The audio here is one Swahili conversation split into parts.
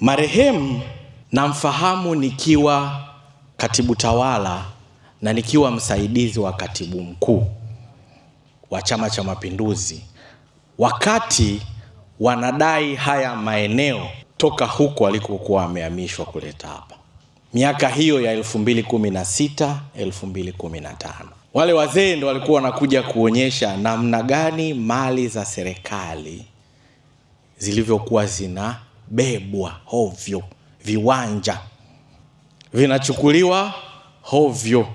Marehemu namfahamu nikiwa katibu tawala na nikiwa msaidizi wa katibu mkuu wa Chama cha Mapinduzi wakati wanadai haya maeneo toka huko alikokuwa amehamishwa kuleta hapa miaka hiyo ya 2016 2015. Wale wazee ndo walikuwa wanakuja kuonyesha namna gani mali za serikali zilivyokuwa zina vinabebwa hovyo, viwanja vinachukuliwa hovyo.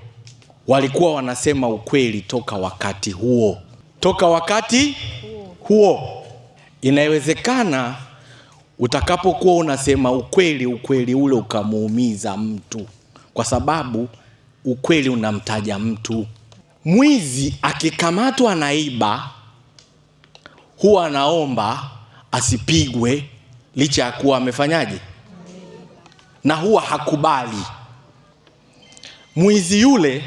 Walikuwa wanasema ukweli toka wakati huo, toka wakati huo. Inawezekana utakapokuwa unasema ukweli, ukweli ule ukamuumiza mtu, kwa sababu ukweli unamtaja mtu. Mwizi akikamatwa naiba, huwa anaomba asipigwe licha ya kuwa amefanyaje, na huwa hakubali mwizi yule.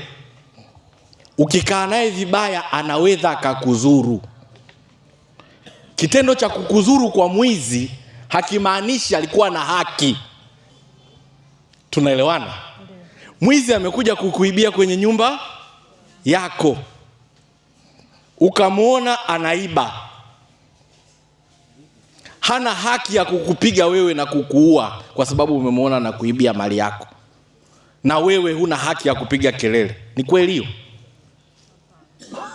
Ukikaa naye vibaya, anaweza akakuzuru. Kitendo cha kukuzuru kwa mwizi hakimaanishi alikuwa na haki. Tunaelewana? Mwizi amekuja kukuibia kwenye nyumba yako, ukamwona anaiba hana haki ya kukupiga wewe na kukuua kwa sababu umemwona na kuibia mali yako, na wewe huna haki ya kupiga kelele. Ni kweli hiyo?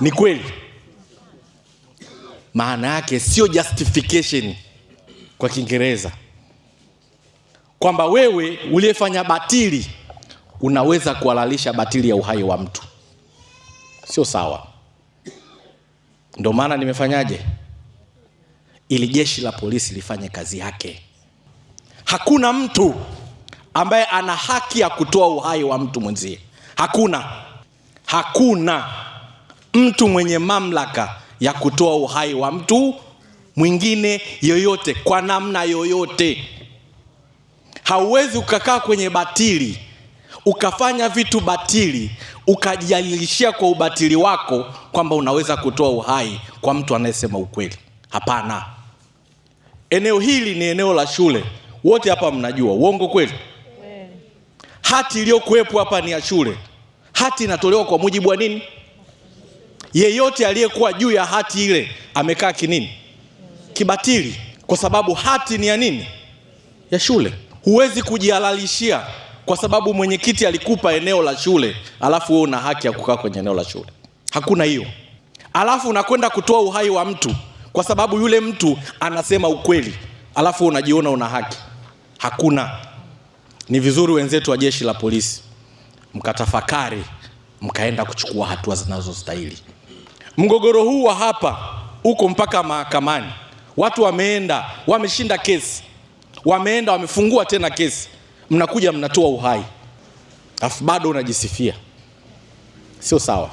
Ni kweli? Maana yake sio justification kwa Kiingereza kwamba wewe uliyefanya batili unaweza kuhalalisha batili ya uhai wa mtu, sio sawa. Ndio maana nimefanyaje ili jeshi la polisi lifanye kazi yake. Hakuna mtu ambaye ana haki ya kutoa uhai wa mtu mwenzie. Hakuna, hakuna mtu mwenye mamlaka ya kutoa uhai wa mtu mwingine yoyote kwa namna yoyote. Hauwezi ukakaa kwenye batili ukafanya vitu batili ukajialilishia kwa ubatili wako kwamba unaweza kutoa uhai kwa mtu anayesema ukweli. Hapana. Eneo hili ni eneo la shule, wote hapa mnajua. Uongo kweli? Hati iliyokuwepo hapa ni ya shule. Hati inatolewa kwa mujibu wa nini? Yeyote aliyekuwa juu ya hati ile amekaa kinini? Kibatili, kwa sababu hati ni ya nini? Ya shule. Huwezi kujihalalishia kwa sababu mwenyekiti alikupa eneo la shule, alafu wewe una haki ya kukaa kwenye eneo la shule. Hakuna hiyo. Alafu unakwenda kutoa uhai wa mtu kwa sababu yule mtu anasema ukweli, alafu unajiona una haki. Hakuna. Ni vizuri wenzetu wa jeshi la polisi mkatafakari, mkaenda kuchukua hatua zinazostahili. Mgogoro huu wa hapa uko mpaka mahakamani, watu wameenda wameshinda kesi, wameenda wamefungua tena kesi, mnakuja mnatoa uhai, alafu bado unajisifia. Sio sawa,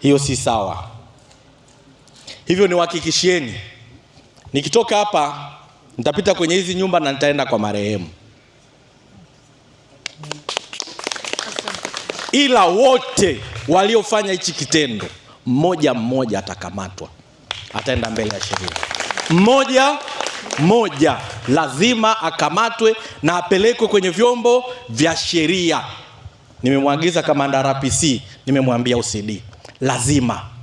hiyo si sawa. Hivyo niwahakikishieni, nikitoka hapa nitapita kwenye hizi nyumba na nitaenda kwa marehemu, ila wote waliofanya hichi kitendo mmoja mmoja atakamatwa, ataenda mbele ya sheria. Mmoja mmoja lazima akamatwe na apelekwe kwenye vyombo vya sheria. Nimemwagiza kamanda RPC, nimemwambia OCD lazima